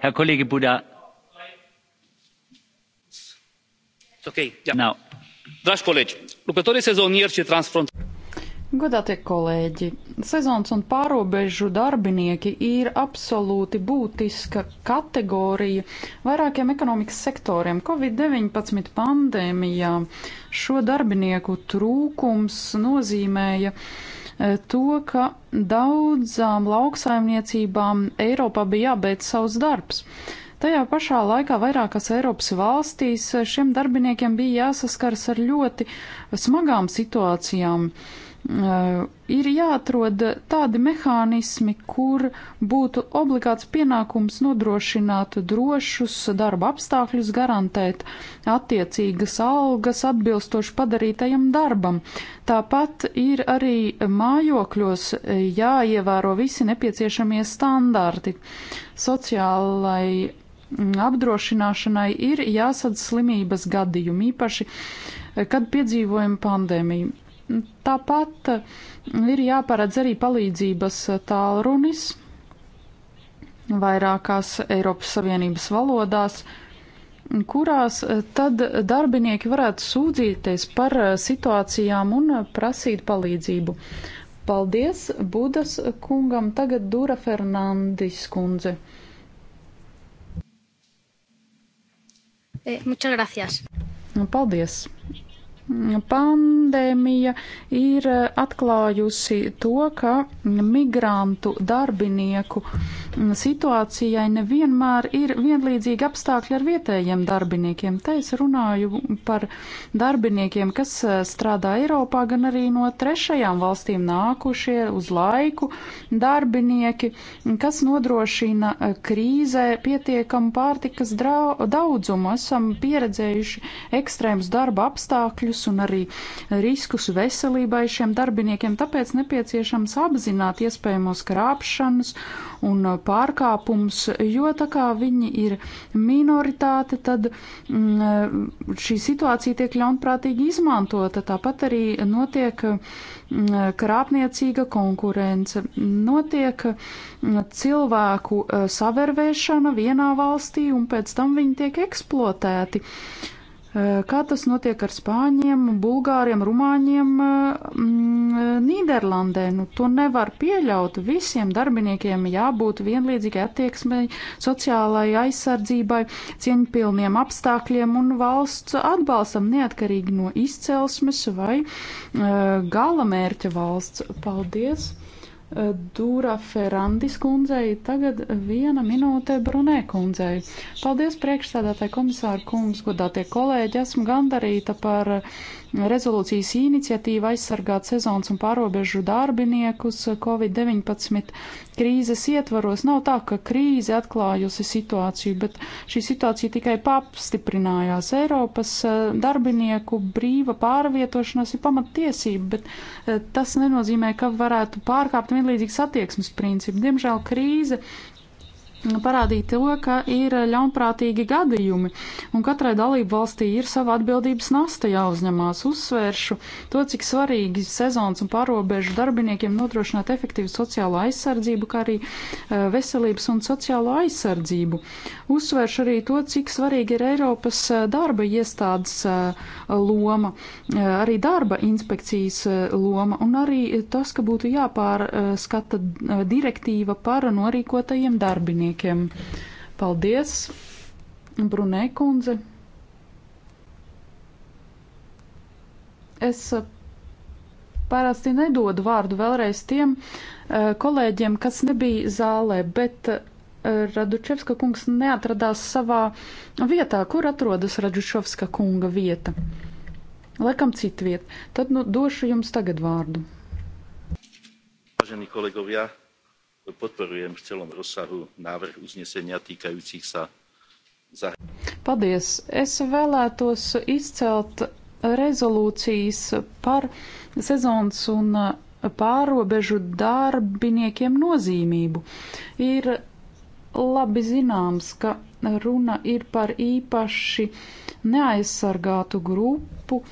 herr kollege buda dragi colegi lucrătorii sezonieri și transfrontalieri. Godātie kolēģi, sezons un pārobežu darbinieki ir absolūti būtiska kategorija vairākiem ekonomikas sektoriem. Covid-19 pandēmijā šo darbinieku trūkums nozīmēja uh, Eh, to, ka daudzām lauksaimniecībām Eiropā bija jābeidz savs darbs. Tajā pašā laikā vairākās Eiropas valstīs eh, šiem darbiniekiem bija jāsaskars ar ļoti smagām situācijām. Uh, Eh, ir jāatrod tādi mehānismi, kur būtu obligāts pienākums nodrošināt drošus darba apstākļus, garantēt attiecīgas algas atbilstoši padarītajam darbam. Tāpat ir arī mājokļos jāievēro visi nepieciešamie standarti sociālai mm, apdrošināšanai ir jāsadz slimības gadījumi, īpaši, eh, kad piedzīvojam pandēmiju. Tāpat mm, ir jāparedz arī palīdzības tālrunis vairākās Eiropas Savienības valodās, kurās e, tad darbinieki varētu sūdzīties par e, situācijām un prasīt palīdzību. Paldies Budas kungam, tagad Dura Fernandis kundze. Eh, muchas gracias. Paldies. Pandēmija ir eh, atklājusi to, ka migrantu darbinieku mm, situācijai nevienmēr ir vienlīdzīgi apstākļi ar vietējiem darbiniekiem. Te es runāju par darbiniekiem, kas eh, strādā Eiropā, gan arī no trešajām valstīm nākušie uz laiku darbinieki, kas nodrošina eh, krīzē pietiekamu pārtikas daudzumu. Esam pieredzējuši ekstrēmus darba apstākļus riskus un arī riskus veselībai šiem darbiniekiem, tāpēc nepieciešams apzināt iespējamos krāpšanas un uh, pārkāpums, jo tā kā viņi ir minoritāte, tad m, mm, uh, šī situācija tiek ļaunprātīgi izmantota, tāpat arī notiek m, mm, uh, krāpniecīga konkurence, notiek mm, cilvēku savervēšana vienā valstī un pēc tam viņi tiek eksploatēti. Uh, Eh, kā tas notiek ar spāņiem, bulgāriem, rumāņiem, eh, eh, Nīderlandē? Nu, to nevar pieļaut. Visiem darbiniekiem jābūt vienlīdzīgai attieksmei, sociālai aizsardzībai, cieņpilniem apstākļiem un valsts atbalstam neatkarīgi no izcelsmes vai gala mērķa valsts. Paldies! Dūra Ferandis kundzei, tagad viena minūte Brunē kundzei. Paldies priekšstādātāji komisāru kungs, godātie kolēģi, esmu gandarīta par uh, rezolūcijas iniciatīva aizsargāt sezonas un pārobežu darbiniekus Covid-19 krīzes ietvaros. Nav tā, ka krīze atklājusi situāciju, bet šī situācija tikai papstiprinājās. Eiropas eh, darbinieku brīva pārvietošanās ir pamattiesība, bet eh, tas nenozīmē, ka varētu pārkāpt vienlīdzīgas attieksmes principu. Diemžēl krīze parādīja to, ka ir ļaunprātīgi gadījumi, un katrai dalību valstī ir sava atbildības nasta jāuzņemās. Uzsvēršu to, cik svarīgi sezonas un pārobežu darbiniekiem nodrošināt efektīvu sociālo aizsardzību, kā arī eh, veselības un sociālo aizsardzību. Uzsvēršu arī to, cik svarīgi ir Eiropas eh, darba iestādes eh, loma, arī darba inspekcijas loma, un arī tas, ka būtu jāpārskata direktīva par norīkotajiem darbiniekiem darbiniekiem. Paldies, Brunē kundze! Es eh, parasti nedodu vārdu vēlreiz tiem eh, kolēģiem, kas nebija zālē, bet eh, Radučevska kungs neatradās savā vietā. Kur atrodas Radučevska kunga vieta? Lekam citu vietu. Tad nu, došu jums tagad vārdu. Vážení kolegovia, ja podporujem v celom rozsahu návrh uznesenia týkajúcich sa. Za... Paldies! Es vēlētos izcelt rezolūcijas par sezonas un pārobežu darbiniekiem nozīmību. Ir labi zināms, ka runa ir par īpaši neaizsargātu grupu.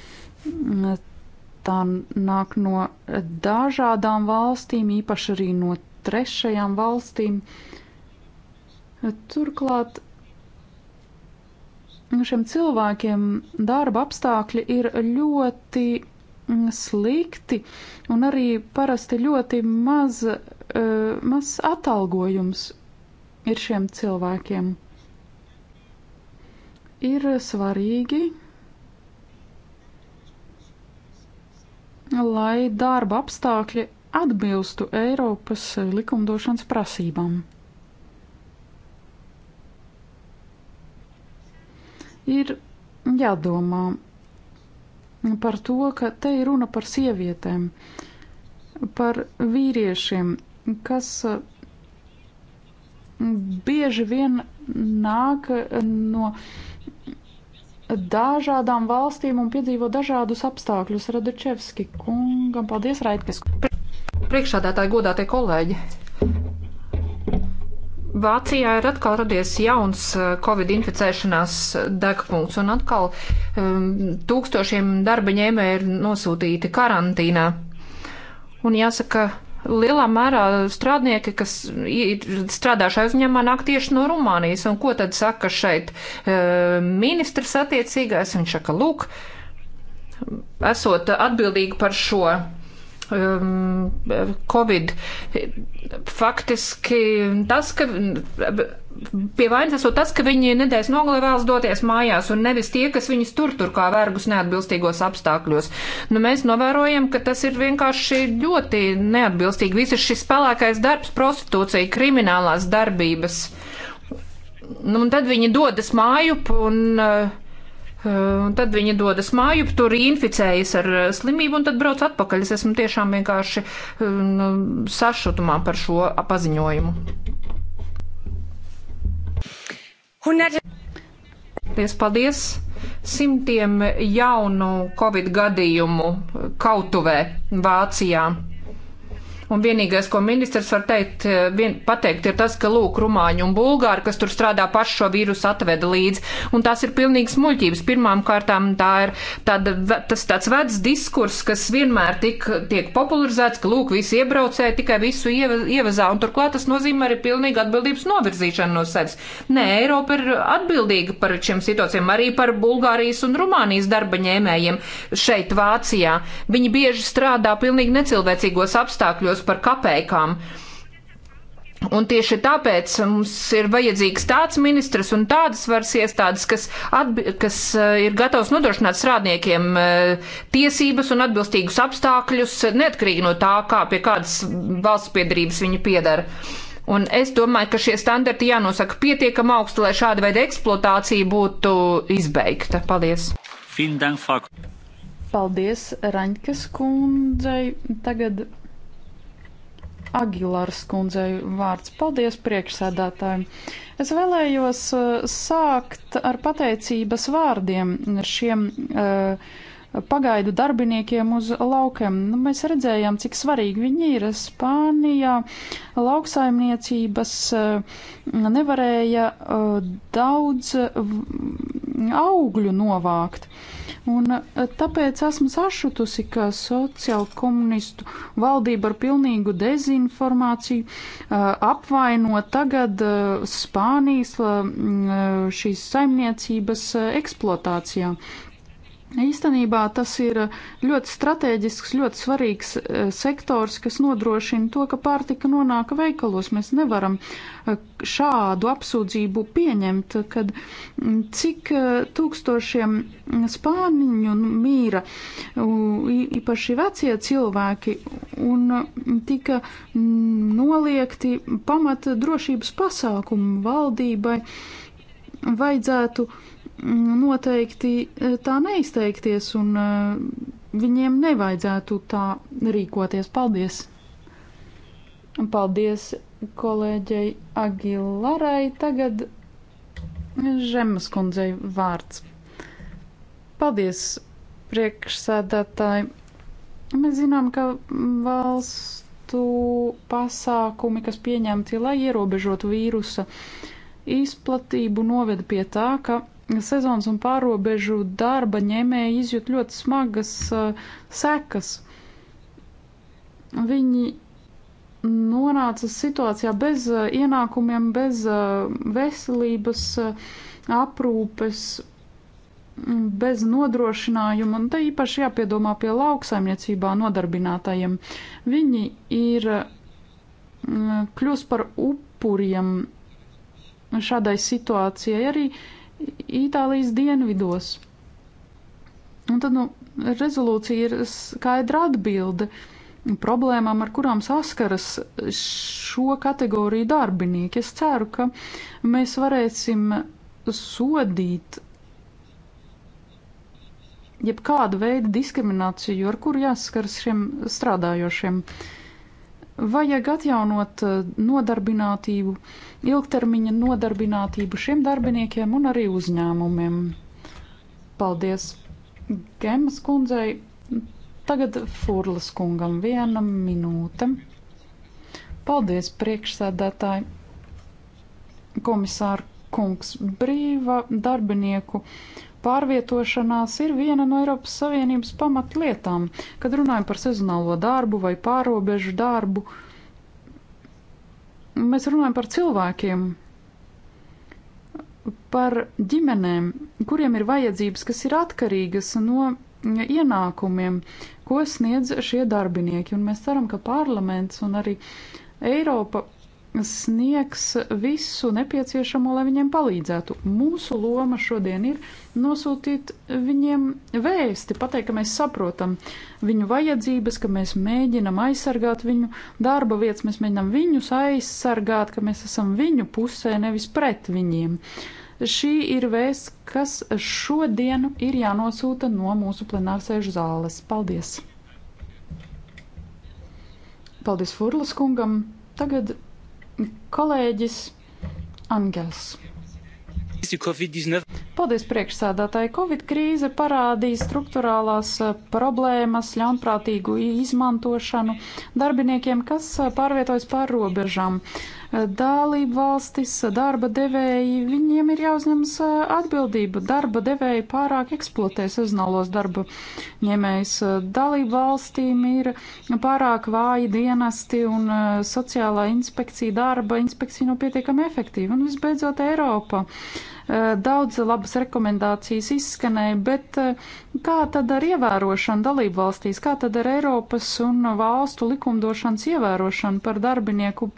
Tā nāk no dažādām valstīm, īpaši arī no trešajām valstīm. Turklāt šiem cilvēkiem darba apstākļi ir ļoti mm, slikti un arī parasti ļoti maz, e, maz atalgojums ir šiem cilvēkiem. Ir svarīgi, lai darba apstākļi atbilstu Eiropas eh, likumdošanas prasībām. Ir jādomā par to, ka te ir runa par sievietēm, par vīriešiem, kas eh, bieži vien nāk eh, no dažādām valstīm un piedzīvo dažādus apstākļus. Radečevski kungam, paldies, Raitkas kungam. Priekšādātāji, godātie kolēģi! Vācijā ir atkal radies jauns eh, covid inficēšanās degpunkts, un atkal um, tūkstošiem darba ņēmēji ir nosūtīti karantīnā. Un jāsaka, lielā mērā strādnieki, kas strādā šajā uzņēmumā, nāk tieši no Rumānijas. Un ko tad saka šeit ehm, ministrs attiecīgais? Viņš saka, lūk, esot atbildīgi par šo Um, Covid. Faktiski tas, ka pie vainas esot tas, ka viņi nedēļas nogalē vēlas doties mājās un nevis tie, kas viņus tur tur kā vergus neatbilstīgos apstākļos. Nu, mēs novērojam, ka tas ir vienkārši ļoti neatbilstīgi. Viss šis spēlēkais darbs, prostitūcija, kriminālās darbības. Nu, un tad viņi dodas mājup un uh, Eh, un tad viņi dodas māju, tur inficējas ar eh, slimību un tad brauc atpakaļ. Es esmu tiešām vienkārši eh, nu, sašutumā par šo paziņojumu. Paldies, paldies! Simtiem jaunu Covid gadījumu kautuvē Vācijā. Un vienīgais, ko ministrs var teikt, eh, vien, pateikt, ir tas, ka lūk, rumāņi un bulgāri, kas tur strādā paši šo vīrusu atveda līdzi. Un tās ir pilnīgi smuļķības. Pirmām kārtām tā ir tāda, tas tāds vecs diskurs, kas vienmēr tik, tiek popularizēts, ka lūk, visi iebraucēji tikai visu ievazā. Un turklāt tas nozīmē arī pilnīgi atbildības novirzīšanu no sevis. Nē, Eiropa ir atbildīga par šiem situācijām, arī par Bulgārijas un Rumānijas darba ņēmējiem šeit Vācijā. Viņi bieži strādā pilnīgi necilvēcīgos apstākļos eiro par kapeikām. Un tieši tāpēc mums ir vajadzīgs tāds ministrs un tādas varas iestādes, kas, atbi, kas eh, ir gatavs nodrošināt strādniekiem eh, tiesības un atbilstīgus apstākļus, neatkarīgi no tā, kā pie kādas valsts piedarības viņi piedara. Un es domāju, ka šie standarti jānosaka pietiekam augstu, lai šāda veida eksploatācija būtu izbeigta. Paldies! Paldies, Raņķis kundzei. Tagad Agilārs kundzei vārds. Paldies priekšsēdētājiem! Es vēlējos eh, sākt ar pateicības vārdiem šiem. Uh, pagaidu darbiniekiem uz laukiem. Nu, mēs redzējām, cik svarīgi viņi ir. Spānijā lauksaimniecības eh, nevarēja daudz augļu novākt. Un e, tāpēc esmu sašutusi, ka sociāla komunistu valdība ar pilnīgu dezinformāciju e, apvaino tagad e, Spānijas šīs saimniecības eksploatācijā. Īstenībā tas ir ļoti strateģisks, ļoti svarīgs e, sektors, kas nodrošina to, ka pārtika nonāk veikalos. Mēs nevaram e, šādu apsūdzību pieņemt, kad cik e, tūkstošiem spāniņu mīra īpaši vecie cilvēki un tika noliekti pamata drošības pasākumu valdībai vajadzētu noteikti eh, tā neizteikties un eh, viņiem nevajadzētu tā rīkoties. Paldies! Paldies kolēģei Agilarai. Tagad Žemas kundzei vārds. Paldies, priekšsēdētāji. Mēs zinām, ka valstu pasākumi, kas pieņemti, lai ierobežotu vīrusa izplatību, noveda pie tā, ka sezonas un pārobežu darba ņēmēji izjūt ļoti smagas uh, sekas. Viņi nonāca situācijā bez uh, ienākumiem, bez uh, veselības aprūpes, bez nodrošinājuma, un te īpaši jāpiedomā pie lauksaimniecībā nodarbinātajiem. Viņi ir mm, kļūst par upuriem šādai situācijai. Arī Itālijas dienvidos. Un tad nu, rezolūcija ir skaidra atbilde problēmām, ar kurām saskaras šo kategoriju darbinieki. Es ceru, ka mēs varēsim sodīt jebkādu veidu diskrimināciju, ar kuru jāsaskaras šiem strādājošiem. Vajag atjaunot nodarbinātību, ilgtermiņa nodarbinātību šiem darbiniekiem un arī uzņēmumiem. Paldies Gemas kundzei. Tagad Furlas kungam viena minūte. Paldies priekšsēdētāji. Komisāra kungs brīva darbinieku pārvietošanās ir viena no Eiropas Savienības pamatlietām, kad runājam par sezonālo darbu vai pārobežu darbu. Uh, mēs runājam par cilvēkiem, par ģimenēm, kuriem ir vajadzības, kas ir atkarīgas no ienākumiem, ko sniedz šie darbinieki. Un mēs ceram, ka parlaments un arī Eiropa sniegs visu nepieciešamo, lai viņiem palīdzētu. Mūsu loma šodien ir nosūtīt viņiem vēsti, pateikt, ka mēs saprotam viņu vajadzības, ka mēs mēģinam aizsargāt viņu darba vietas, mēs mēģinam viņus aizsargāt, ka mēs esam viņu pusē, nevis pret viņiem. Šī ir vēsts, kas šodien ir jānosūta no mūsu plenārsēžu zāles. Paldies! Paldies Furlas kungam! Tagad Kolēģis Angels. Paldies priekšsēdātāji. Covid krīze parādīja struktūrālās eh, problēmas, ļaunprātīgu izmantošanu darbiniekiem, kas eh, pārvietojas pār robežām. Uh, dalību valstis, darba devēji, viņiem ir jāuzņemas atbildība. Darba devēji pārāk eksploatē sezonālos darba ņēmējs. Dalību valstīm ir pārāk vāji dienesti un sociālā inspekcija, darba inspekcija nav no pietiekami efektīva. Un visbeidzot, Eiropa. Uh, Eh, daudz labas rekomendācijas izskanēja, bet eh, kā tad ar ievērošanu dalību valstīs, kā tad ar Eiropas un valstu likumdošanas ievērošanu par darbinieku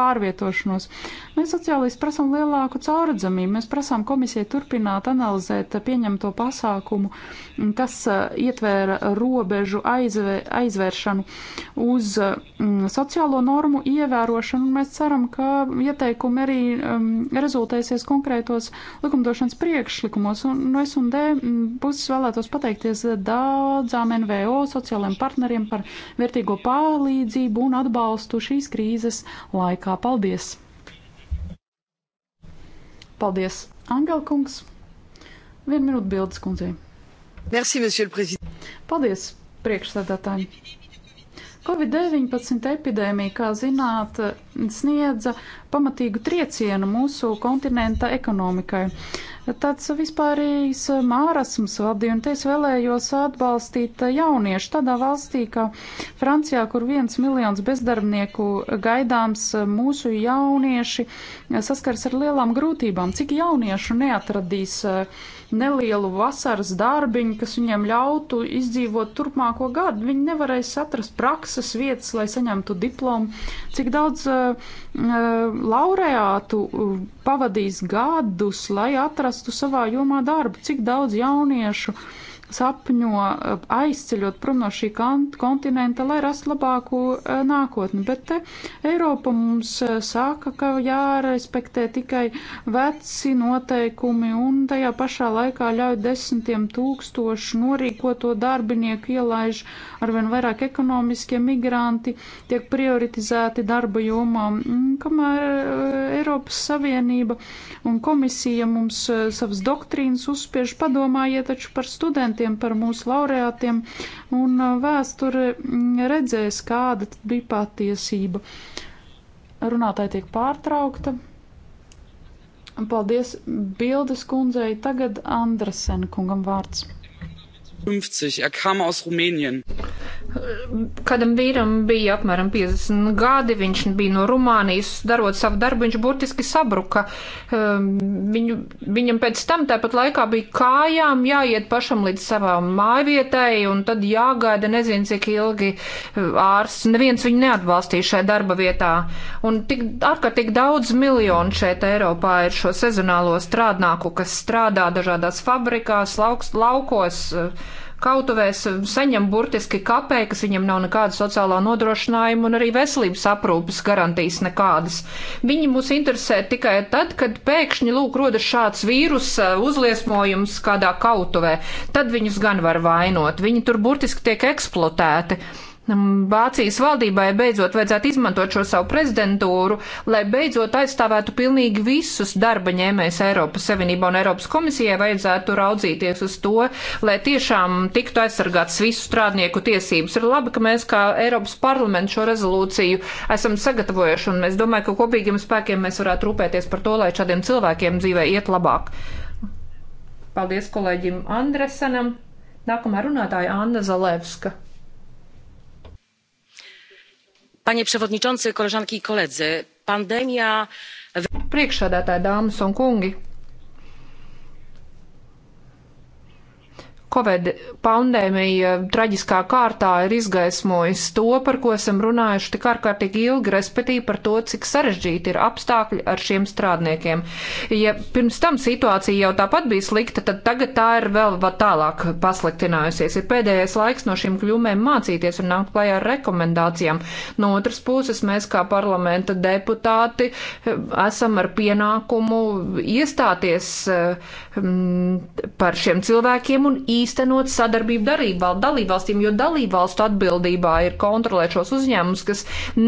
pārvietošanos? Mēs sociālisti prasām lielāku cauradzamību, mēs prasām komisijai turpināt analizēt pieņemto pasākumu, kas uh, ietvēra robežu aizvē, aizvēršanu uz mm, sociālo normu ievērošanu, un mēs ceram, ka ieteikumi arī um, rezultēsies konkrētos likumdošanas priekšlikumos, un no S&D mm, puses vēlētos pateikties daudzām NVO sociālajiem partneriem par vērtīgo palīdzību un atbalstu šīs krīzes laikā. Paldies! Paldies, Angela kungs. Vienu minūtu bildes kundzei. Merci, monsieur le président. Paldies, priekšsēdētāji. Covid-19 epidēmija, kā zināt, sniedza pamatīgu triecienu mūsu kontinenta ekonomikai tāds vispārīgs mārasms um, valdīja, un te es vēlējos atbalstīt uh, jauniešu tādā valstī, kā Francijā, kur viens miljons bezdarbnieku gaidāms um, mūsu jaunieši uh, saskars ar lielām grūtībām. Cik jauniešu neatradīs uh, nelielu vasaras darbiņu, kas viņiem ļautu izdzīvot turpmāko gadu. Viņi nevarēs atrast prakses vietas, lai saņemtu diplomu. Cik daudz uh, laureātu eh, pavadīs gadus, lai atrastu savā jomā darbu, cik daudz jauniešu uh, sapņo eh, aizceļot prom no šī kontinenta, lai rastu labāku eh, nākotni. Bet te Eiropa mums eh, saka, ka jārespektē tikai veci noteikumi un tajā pašā laikā ļauj desmitiem tūkstošu norīkoto darbinieku ielaiž arvien vairāk ekonomiskie migranti, tiek prioritizēti darba jomā. Mm, kamēr Eiropas Savienība un komisija mums savas doktrīnas uzspiež, padomājiet taču par studentiem dokumentiem par mūsu laureātiem, un uh, vēsture mm, redzēs, kāda bija patiesība. Runātāji tiek pārtraukta. Paldies Bildes kundzei, tagad Andrasen kungam vārds. 50. Er kam aus Rumänien. Kādam vīram bija apmēram 50 gadi, viņš bija no Rumānijas, darot savu darbu, viņš burtiski sabruka. Ehm, viņu, viņam pēc tam tāpat laikā bija kājām jāiet pašam līdz savām mājvietai, un tad jāgaida nezin cik ilgi eh, ārsts. Neviens viņu neatbalstīja šajā darba vietā. Un tik ārkārtīgi daudz miljonu šeit Eiropā ir šo sezonālo strādnāku, kas strādā dažādās fabrikās, lauks, laukos. Uh, kautuvēs um, saņem burtiski kapēju, kas viņam nav nekāda sociālā nodrošinājuma un arī veselības aprūpas garantijas nekādas. Viņi mūs interesē tikai tad, kad pēkšņi lūk rodas šāds vīrus uh, uzliesmojums kādā kautuvē. Tad viņus gan var vainot. Viņi tur burtiski tiek eksploatēti. Vācijas valdībai beidzot vajadzētu izmantot šo savu prezidentūru, lai beidzot aizstāvētu pilnīgi visus darba ņēmējs Eiropas Savienībā un Eiropas komisijai vajadzētu raudzīties uz to, lai tiešām tiktu aizsargāts visu strādnieku tiesības. Ir labi, ka mēs kā Eiropas parlaments šo rezolūciju esam sagatavojuši, un es domāju, ka kopīgiem spēkiem mēs varētu rūpēties par to, lai šādiem cilvēkiem dzīvē iet labāk. Paldies kolēģim Andresenam. Nākamā runātāja Anna Zalevska. Panie przewodniczący, koleżanki i koledzy, pandēmija. Priekšsādātāji, dāmas un kungi! Covid pandēmija traģiskā kārtā ir izgaismojis to, par ko esam runājuši tik ārkārtīgi ilgi, respektīvi par to, cik sarežģīti ir apstākļi ar šiem strādniekiem. Ja pirms tam situācija jau tāpat bija slikta, tad tagad tā ir vēl tālāk pasliktinājusies. Ir pēdējais laiks no šiem kļūmēm mācīties un nākt klajā ar rekomendācijām. No otras puses, mēs kā parlamenta deputāti eh, esam ar pienākumu iestāties eh, par šiem cilvēkiem un iestāties īstenot sadarbību dalībvalstīm, jo dalībvalstu atbildībā ir kontrolēt šos uzņēmumus, kas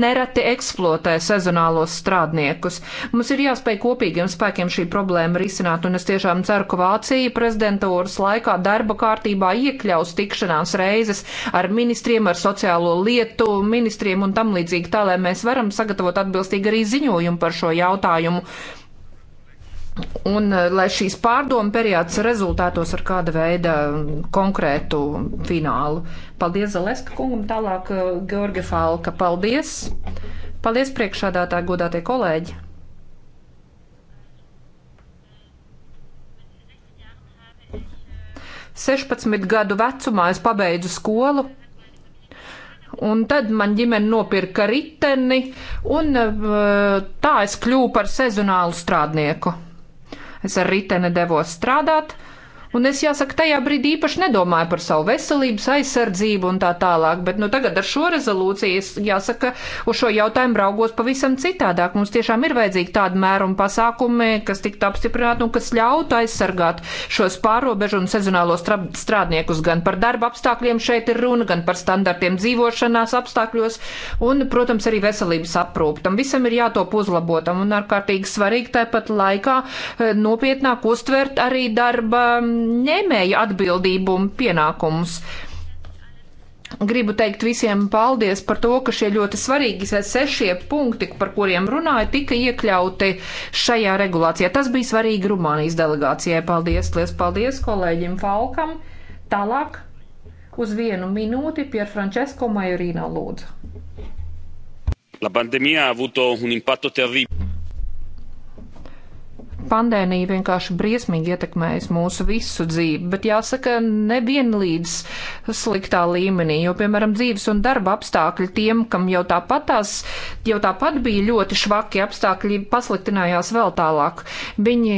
nereti eksploatē sezonālos strādniekus. Mums ir jāspēj kopīgiem spēkiem šī problēma risināt, un es tiešām ceru, ka Vācija prezidentūras laikā darba kārtībā iekļaus tikšanās reizes ar ministriem, ar sociālo lietu ministriem un tam līdzīgi, tā lai mēs varam sagatavot atbilstīgi arī ziņojumu par šo jautājumu Un eh, lai šīs pārdomu periods rezultātos ar kāda veida konkrētu finālu. Paldies Zaleska kungam, tālāk eh, Georgi Falka. Paldies! Paldies priekšādātāji, godātie kolēģi! Sešpadsmit gadu vecumā es pabeidzu skolu. Un tad man ģimene nopirka riteni, un eh, tā es kļuvu par sezonālu strādnieku. Es ar riteni devos strādāt, Un es jāsaka, tajā brīdī īpaši nedomāju par savu veselības aizsardzību un tā tālāk, bet nu tagad ar šo rezolūciju es jāsaka, uz šo jautājumu raugos pavisam citādāk. Mums tiešām ir vajadzīgi tādi mēri un pasākumi, kas tiktu apstiprināti un kas ļautu aizsargāt šos pārobežu un sezonālo strādniekus gan par darba apstākļiem šeit ir runa, gan par standartiem dzīvošanās apstākļos un, protams, arī veselības aprūpi. Tam visam ir jātop uzlabotam un ārkārtīgi svarīgi tāpat laikā eh, nopietnāk uztvert arī darba mm, ņēmēju atbildību un pienākumus. Gribu teikt visiem paldies par to, ka šie ļoti svarīgi sešie punkti, par kuriem runāja, tika iekļauti šajā regulācijā. Tas bija svarīgi Rumānijas delegācijai. Paldies, liels paldies kolēģim Falkam. Tālāk uz vienu minūti Pier Francesco Majorino lūdzu. La pandemija ha avuto un impatto terribile pandēmija vienkārši briesmīgi ietekmējas mūsu visu dzīvi, bet jāsaka, nevienlīdz sliktā līmenī, jo, piemēram, dzīves un darba apstākļi tiem, kam jau tāpat tās, jau tāpat bija ļoti švaki apstākļi, pasliktinājās vēl tālāk. Viņi,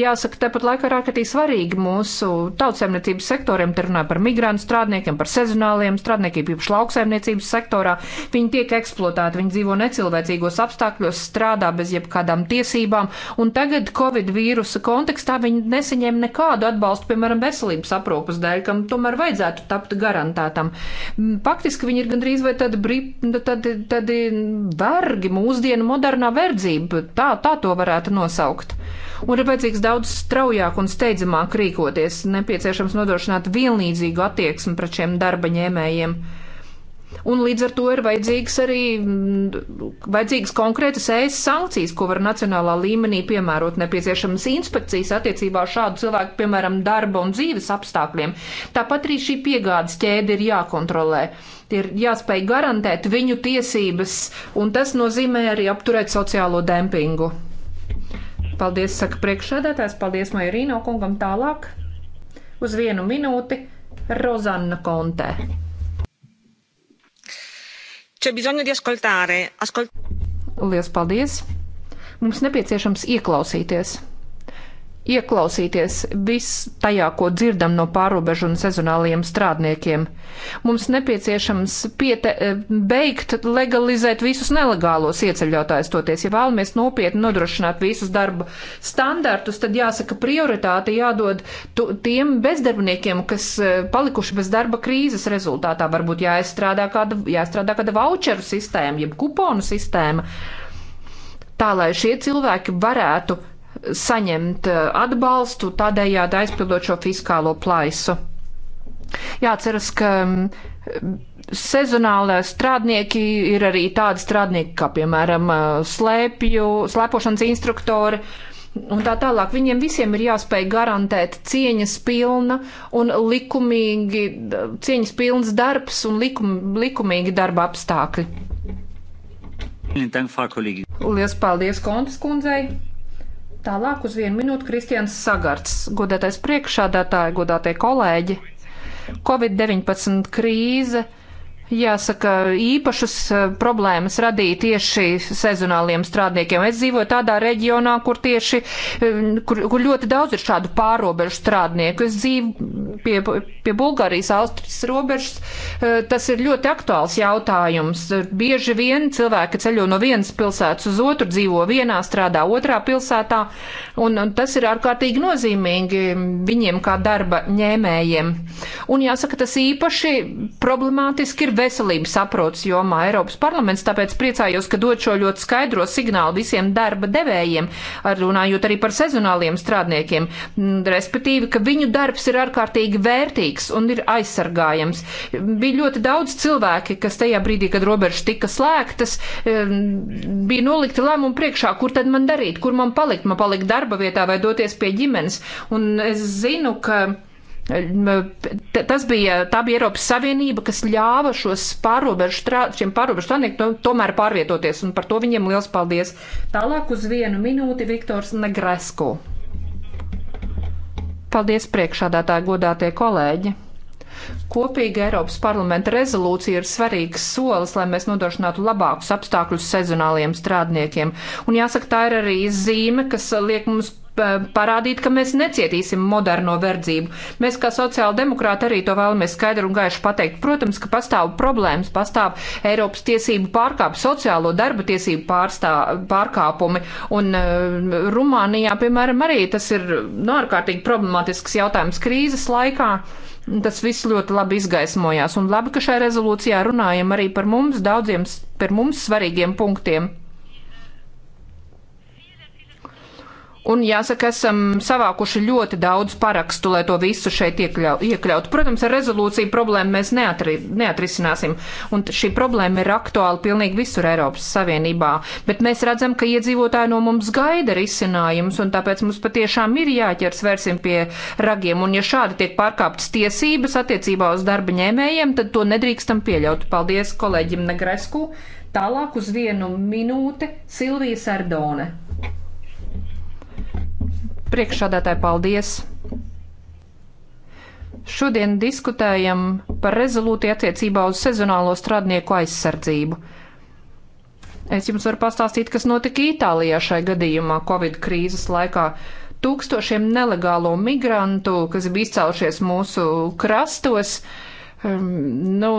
jāsaka, tepat laikā ir ārkārtīgi svarīgi mūsu tautsēmniecības sektoriem, te runāja par migrantu strādniekiem, par sezonāliem strādniekiem, īpaši lauksaimniecības sektorā. Viņi tiek eksploatēti, viņi dzīvo necilvēcīgos apstākļos, strādā bez jebkādām tiesībām, un tagad bet Covid vīrusa kontekstā viņi nesaņēma nekādu atbalstu, piemēram, veselības aprūpas dēļ, kam tomēr vajadzētu tapt garantētam. Mm, faktiski viņi ir gandrīz vai tādi, brī, nu, tādi, tādi vergi, mūsdienu modernā verdzība, tā, tā to varētu nosaukt. Un ir vajadzīgs daudz straujāk un steidzamāk rīkoties, nepieciešams nodrošināt vienlīdzīgu attieksmi pret šiem darba ņēmējiem. Un līdz ar to ir vajadzīgas arī mm, vajadzīgas konkrētas ES sankcijas, ko var nacionālā līmenī piemērot nepieciešamas inspekcijas attiecībā uz šādu cilvēku, piemēram, darba un dzīves apstākļiem. Tāpat arī šī piegādes ķēde ir jākontrolē. Ir jāspēj garantēt viņu tiesības, un tas nozīmē arī apturēt sociālo dempingu. Paldies, saka priekšsēdētājs, paldies Mairīno kungam tālāk. Uz vienu minūti Rozanna Kontē. C'è bisogno di ascoltare. Ascolt... Lielas paldies! Mums nepieciešams ieklausīties ieklausīties viss tajā, ko dzirdam no pārobežu un sezonāliem strādniekiem. Mums nepieciešams piete, eh, beigt legalizēt visus nelegālos ieceļotājus toties. Ja vēlamies nopietni nodrošināt visus darba standartus, tad jāsaka prioritāte jādod tiem bezdarbniekiem, kas eh, palikuši bez darba krīzes rezultātā. Varbūt jāizstrādā kāda, jāizstrādā kāda voucheru sistēma, jeb kuponu sistēma. Tā, lai šie cilvēki varētu saņemt eh, atbalstu, tādējādi aizpildot šo fiskālo plaisu. Jāceras, ka mm, sezonālā strādnieki ir arī tādi strādnieki, kā piemēram eh, slēpju, slēpošanas instruktori, un tā tālāk. Viņiem visiem ir jāspēj garantēt cieņas pilna un likumīgi, cieņas pilns darbs un likum, likumīgi darba apstākļi. Lielas paldies Kontas kundzei! Tālāk uz vienu minūtu Kristians Sagards, godētais priekšādātāji, godātie kolēģi. Covid-19 krīze jāsaka, īpašas eh, problēmas radīja tieši sezonāliem strādniekiem. Es dzīvoju tādā reģionā, kur tieši, eh, kur, kur ļoti daudz ir šādu pārobežu strādnieku. Es dzīvoju pie, pie Bulgārijas, Austrijas robežas. Eh, tas ir ļoti aktuāls jautājums. Bieži vien cilvēki ceļo no vienas pilsētas uz otru, dzīvo vienā, strādā otrā pilsētā, un, un tas ir ārkārtīgi nozīmīgi viņiem kā darba ņēmējiem. Un jāsaka, tas īpaši problemātiski ir veselības aprūpas jomā Eiropas parlaments, tāpēc priecājos, ka dod šo ļoti skaidro signālu visiem darba devējiem, ar runājot arī par sezonāliem strādniekiem, mm, respektīvi, ka viņu darbs ir ārkārtīgi vērtīgs un ir aizsargājams. Bija ļoti daudz cilvēki, kas tajā brīdī, kad robežas tika slēgtas, bija nolikti lēmumu priekšā, kur tad man darīt, kur man palikt, man palikt darba vietā vai doties pie ģimenes. Un es zinu, ka Tas bija, tā bija Eiropas Savienība, kas ļāva šos pārobežu, šiem pārobežu strādniekiem tomēr pārvietoties, un par to viņiem liels paldies. Tālāk uz vienu minūti Viktors Negresko. Paldies priekšādātāji godātie kolēģi. Kopīga Eiropas parlamenta rezolūcija ir svarīgs solis, lai mēs nodrošinātu labākus apstākļus sezonāliem strādniekiem. Un jāsaka, tā ir arī zīme, kas liek mums parādīt, ka mēs necietīsim moderno verdzību. Mēs, kā sociāldemokrāti, arī to vēlamies skaidri un gaiši pateikt. Protams, ka pastāv problēmas, pastāv Eiropas tiesību pārkāpumi, sociālo darba tiesību pārstā, pārkāpumi, un uh, Rumānijā, piemēram, arī tas ir nu, ārkārtīgi problemātisks jautājums krīzes laikā. Tas viss ļoti labi izgaismojās, un labi, ka šajā rezolūcijā runājam arī par mums daudziem, par mums svarīgiem punktiem. Un jāsaka, esam savākuši ļoti daudz parakstu, lai to visu šeit iekļau, iekļautu. Protams, ar rezolūciju problēmu mēs neatri, neatrisināsim, un šī problēma ir aktuāla pilnīgi visur Eiropas Savienībā, bet mēs redzam, ka iedzīvotāji no mums gaida risinājums, un tāpēc mums patiešām ir jāķers vērsim pie ragiem, un ja šādi tiek pārkāptas tiesības attiecībā uz darba ņēmējiem, tad to nedrīkstam pieļaut. Paldies kolēģim Negresku. Tālāk uz vienu minūti Silvija Sardone. Priekšādātāji, paldies! Šodien diskutējam par rezolūti attiecībā uz sezonālo strādnieku aizsardzību. Es jums varu pastāstīt, kas notika Itālijā šai gadījumā Covid krīzes laikā. Tūkstošiem nelegālo migrantu, kas bija izcēlušies mūsu krastos, uh, Um, nu,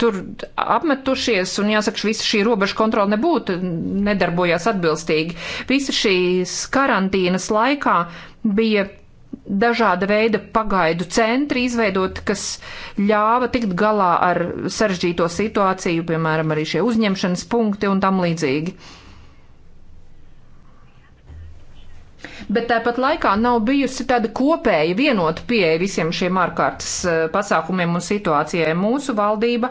tur apmetušies, un jāsaka, visa šī robeža kontrola nebūtu, nedarbojās atbilstīgi. Visa šīs karantīnas laikā bija dažāda veida pagaidu centri izveidot, kas ļāva tikt galā ar sarežģīto situāciju, piemēram, arī šie uzņemšanas punkti un tam līdzīgi. Bet tāpat laikā nav bijusi tāda kopēja, vienota pieeja visiem šiem ārkārtas eh, pasākumiem un situācijai. Mūsu valdība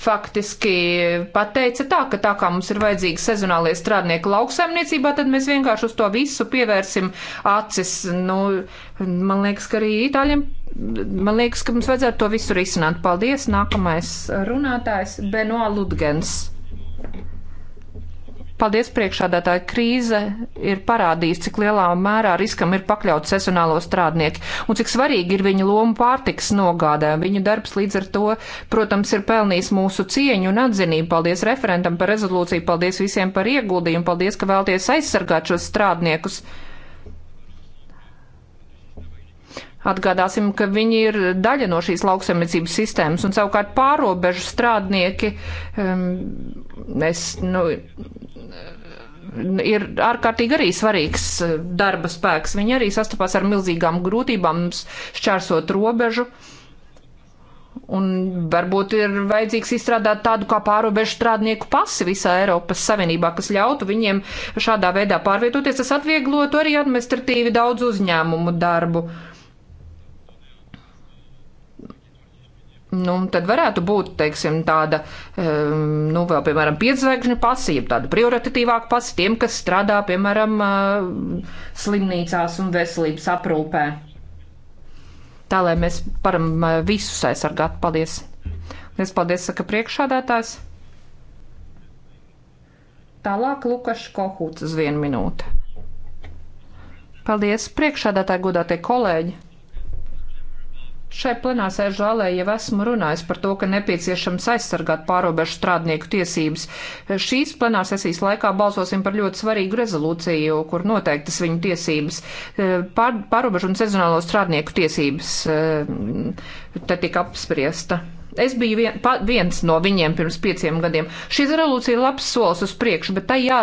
faktiski pateica tā, ka tā kā mums ir vajadzīgi sezonālie strādnieki lauksaimniecībā, tad mēs vienkārši uz to visu pievērsim acis. Nu, man liekas, ka arī itāļiem, man liekas, ka mums vajadzētu to visu risināt. Paldies! Nākamais runātājs Benoa Ludgens. Paldies priekšādātāji. Krīze ir parādījis, cik lielā mērā riskam ir pakļauts sezonālo strādnieki un cik svarīgi ir viņu loma pārtiks nogādē. Viņu darbs līdz ar to, protams, ir pelnījis mūsu cieņu un atzinību. Paldies referentam par rezolūciju, paldies visiem par ieguldījumu, paldies, ka vēlties aizsargāt šos strādniekus. Atgādāsim, ka viņi ir daļa no šīs lauksaimniecības sistēmas, un savukārt pārobežu strādnieki, um, es, nu, ir ārkārtīgi arī svarīgs e, darba spēks. Viņi arī sastapās ar milzīgām grūtībām, šķērsot robežu. Un varbūt ir vajadzīgs izstrādāt tādu kā pārobežu strādnieku pasi visā Eiropas Savienībā, kas ļautu viņiem šādā veidā pārvietoties. Tas atvieglotu arī administratīvi daudz uzņēmumu darbu. Uh, Nu, tad varētu būt teiksim, tāda, ehm, nu, vēl, piemēram, piedzvaigžņu pasīva, tāda prioritatīvāka pasīva tiem, kas strādā, piemēram, eh, slimnīcās un veselības aprūpē. Tā lai mēs param eh, visus aizsargātu. Paldies! Lies paldies, saka priekšādātājs. Tālāk Lukašs Kohūts uz vienu minūti. Paldies, priekšādātāji, godātie kolēģi! Šai plenāsē žālē jau esmu runājis par to, ka nepieciešams aizsargāt pārobežu strādnieku tiesības. Šīs plenāsesijas laikā balsosim par ļoti svarīgu rezolūciju, kur noteiktas viņu tiesības, e, pār, pārobežu un sezonālo strādnieku tiesības, e, te tika apspriesta. Es biju vien, pa, viens no viņiem pirms pieciem gadiem. Šī rezolūcija ir labs solis uz priekšu, bet tajā,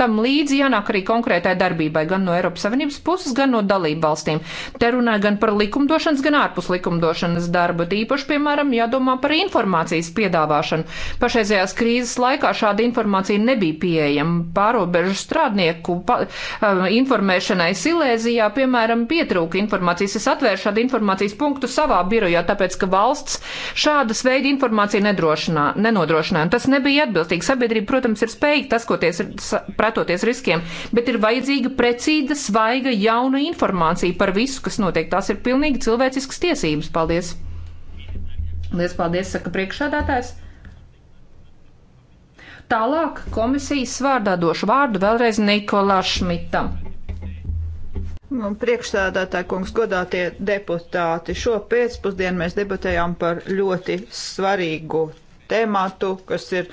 tam līdzi jānāk arī konkrētai darbībai, gan no Eiropas Savienības puses, gan no dalību valstīm. Te runāja gan par likumdošanas, gan ārpus likumdošanas darbu. Tīpaši, piemēram, jādomā par informācijas piedāvāšanu. Pašreizējās krīzes laikā šāda informācija nebija pieejama pārobežu strādnieku pa, um, informēšanai Silēzijā, piemēram, pietrūka informācijas. Es atvēršu šādu informācijas punktu savā birojā, tāpēc, ka valsts šādu jebkādas veida informācija nenodrošināja. Tas nebija atbilstīgi. Sabiedrība, protams, ir spējīga taskoties, pretoties riskiem, bet ir vajadzīga precīza, svaiga, jauna informācija par visu, kas notiek. Tās ir pilnīgi cilvēciskas tiesības. Paldies! Lies paldies, saka priekšādātājs. Tālāk komisijas vārdā došu vārdu vēlreiz Nikolā Šmitam. Priekšsēdētāji kungs, godātie deputāti, šo pēcpusdienu mēs debatējām par ļoti svarīgu tēmātu, kas ir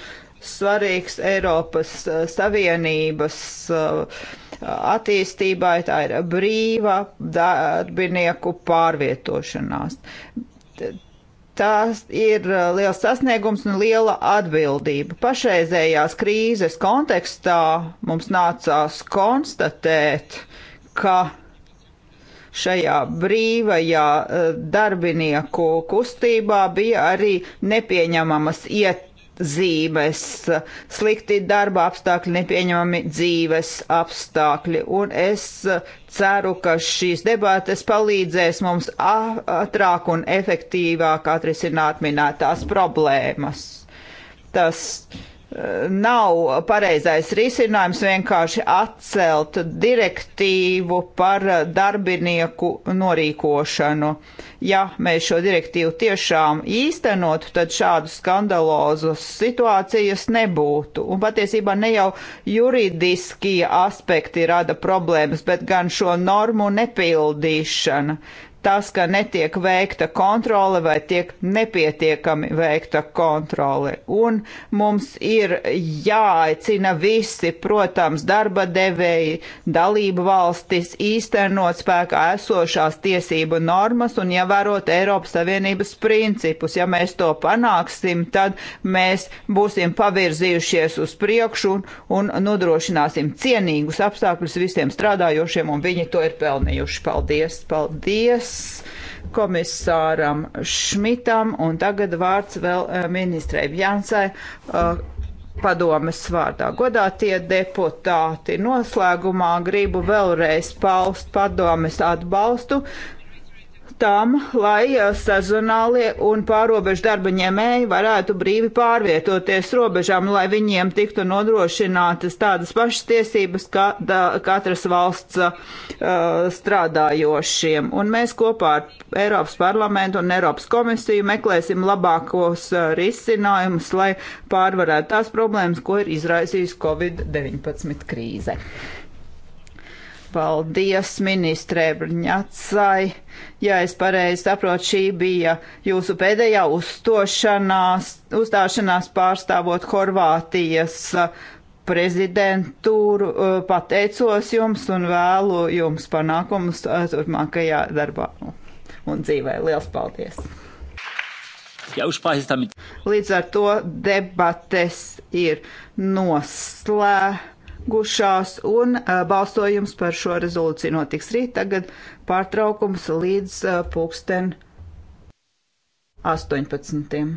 svarīgs Eiropas uh, Savienības uh, attīstībai, tā ir brīva darbinieku pārvietošanās tās ir uh, liels sasniegums un liela atbildība. Pašreizējās krīzes kontekstā mums nācās konstatēt, ka šajā brīvajā eh, darbinieku kustībā bija arī nepieņemamas iet zīmes, slikti darba apstākļi, nepieņemami dzīves apstākļi. Un es eh, ceru, ka šīs debates palīdzēs mums ātrāk un efektīvāk atrisināt minētās problēmas. Tas nav pareizais risinājums vienkārši atcelt direktīvu par darbinieku norīkošanu. Ja mēs šo direktīvu tiešām īstenotu, tad šādu skandalozu situācijas nebūtu. Un patiesībā ne jau juridiskie aspekti rada problēmas, bet gan šo normu nepildīšana tas, ka netiek veikta kontrole vai tiek nepietiekami veikta kontrole. Un mums ir jāaicina visi, protams, darba devēji, dalību valstis īstenot spēkā esošās tiesību normas un ievērot Eiropas Savienības principus. Ja mēs to panāksim, tad mēs būsim pavirzījušies uz priekšu un, un nodrošināsim cienīgus apstākļus visiem strādājošiem, un viņi to ir pelnījuši. Paldies! Paldies! Paldies komisāram Šmitam un tagad vārds vēl eh, ministrei Bjansai eh, padomas vārdā. Godātie deputāti, noslēgumā gribu vēlreiz paust padomas atbalstu tam, lai eh, sezonālie un pārobežu darba ņēmēji varētu brīvi pārvietoties robežām, lai viņiem tiktu nodrošinātas tādas pašas tiesības kā da, katras valsts uh, strādājošiem. Un mēs kopā ar Eiropas parlamentu un Eiropas komisiju meklēsim labākos eh, risinājumus, lai pārvarētu tās problēmas, ko ir izraisījusi Covid-19 krīze. Paldies ministrē Brņacai. Ja es pareizi saprotu, šī bija jūsu pēdējā uzstošanās, uzstāšanās pārstāvot Horvātijas uh, prezidentūru. Uh, pateicos jums un vēlu jums panākumus uh, turpmākajā darbā un dzīvē. Liels paldies! Līdz ar to debates ir noslēgts gušās, un balsojums par šo rezolūciju notiks rīt. Tagad pārtraukums līdz pulksten 18.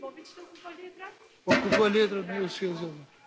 Popović não ocupou a letra? Ocupou a letra 1111.